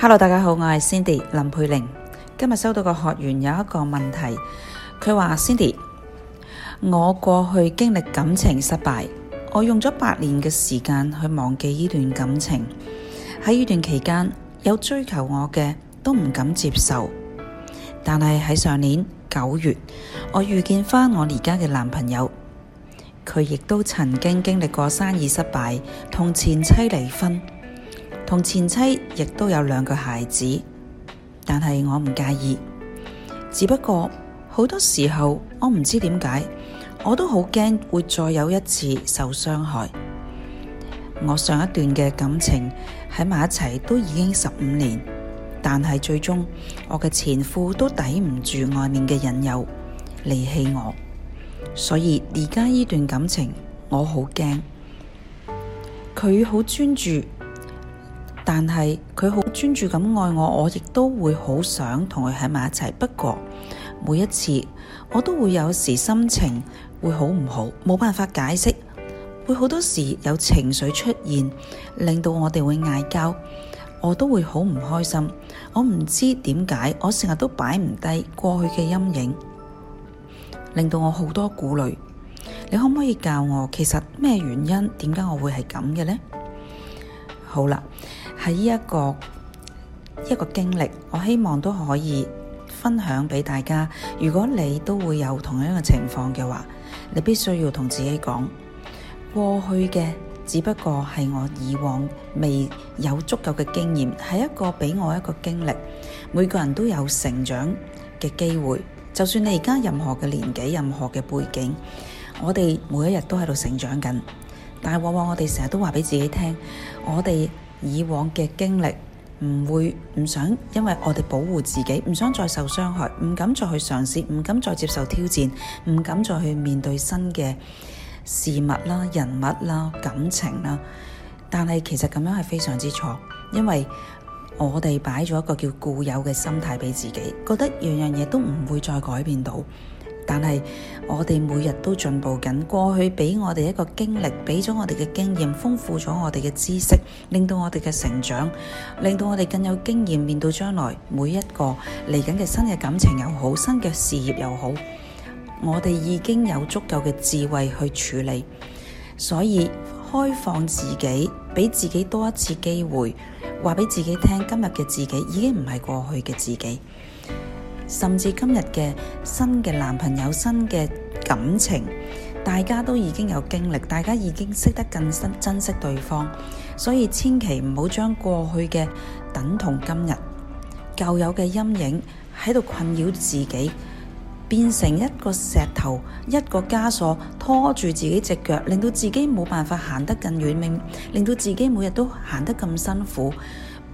Hello，大家好，我係 Cindy，林佩玲。今日收到個學員有一個問題，佢話 Cindy，我過去經歷感情失敗，我用咗八年嘅時間去忘記呢段感情。喺呢段期間，有追求我嘅都唔敢接受。但係喺上年九月，我遇見返我而家嘅男朋友，佢亦都曾經經歷過生意失敗，同前妻離婚。同前妻亦都有兩個孩子，但係我唔介意。只不過好多時候我唔知點解，我都好驚會再有一次受傷害。我上一段嘅感情喺埋一齊都已經十五年，但係最終我嘅前夫都抵唔住外面嘅引誘離棄我，所以而家呢段感情我好驚。佢好專注。但係佢好專注咁愛我，我亦都會好想同佢喺埋一齊。不過每一次我都會有時心情會好唔好，冇辦法解釋，會好多時有情緒出現，令到我哋會嗌交，我都會好唔開心。我唔知點解，我成日都擺唔低過去嘅陰影，令到我好多顧慮。你可唔可以教我，其實咩原因？點解我會係咁嘅呢？好啦。喺一個一個經歷，我希望都可以分享俾大家。如果你都會有同樣嘅情況嘅話，你必須要同自己講，過去嘅只不過係我以往未有足夠嘅經驗，係一個畀我一個經歷。每個人都有成長嘅機會，就算你而家任何嘅年紀、任何嘅背景，我哋每一日都喺度成長緊。但係往往我哋成日都話俾自己聽，我哋。以往嘅經歷，唔會唔想，因為我哋保護自己，唔想再受傷害，唔敢再去嘗試，唔敢再接受挑戰，唔敢再去面對新嘅事物啦、人物啦、感情啦。但係其實咁樣係非常之錯，因為我哋擺咗一個叫固有嘅心態畀自己，覺得樣樣嘢都唔會再改變到。但係我哋每日都進步緊，過去俾我哋一個經歷，俾咗我哋嘅經驗，豐富咗我哋嘅知識，令到我哋嘅成長，令到我哋更有經驗。面對將來每一個嚟緊嘅新嘅感情又好，新嘅事業又好，我哋已經有足夠嘅智慧去處理。所以開放自己，俾自己多一次機會，話俾自己聽，今日嘅自己已經唔係過去嘅自己。甚至今日嘅新嘅男朋友、新嘅感情，大家都已經有經歷，大家已經識得更真珍惜對方，所以千祈唔好將過去嘅，等同今日舊有嘅陰影喺度困擾自己，變成一個石頭一個枷鎖拖住自己隻腳，令到自己冇辦法行得更遠，令令到自己每日都行得咁辛苦，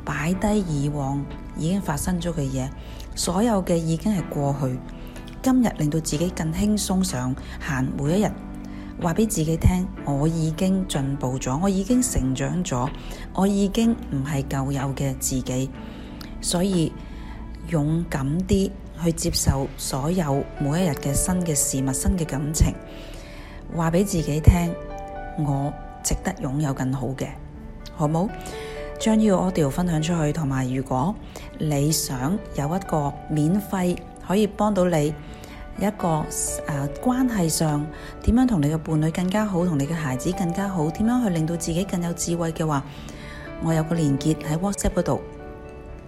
擺低以往已經發生咗嘅嘢，所有嘅已經係過去，今日令到自己更輕鬆上行，每一日話俾自己聽，我已經進步咗，我已經成長咗，我已經唔係舊有嘅自己，所以勇敢啲去接受所有每一日嘅新嘅事物、新嘅感情，話俾自己聽，我值得擁有更好嘅，好冇？將呢個 audio 分享出去，同埋如果。你想有一個免費可以幫到你一個誒、啊、關係上點樣同你嘅伴侶更加好，同你嘅孩子更加好，點樣去令到自己更有智慧嘅話，我有個連結喺 WhatsApp 嗰度，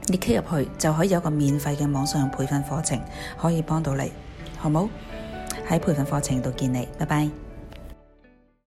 你 click 入去就可以有個免費嘅網上培訓課程可以幫到你，好冇？喺培訓課程度見你，拜拜。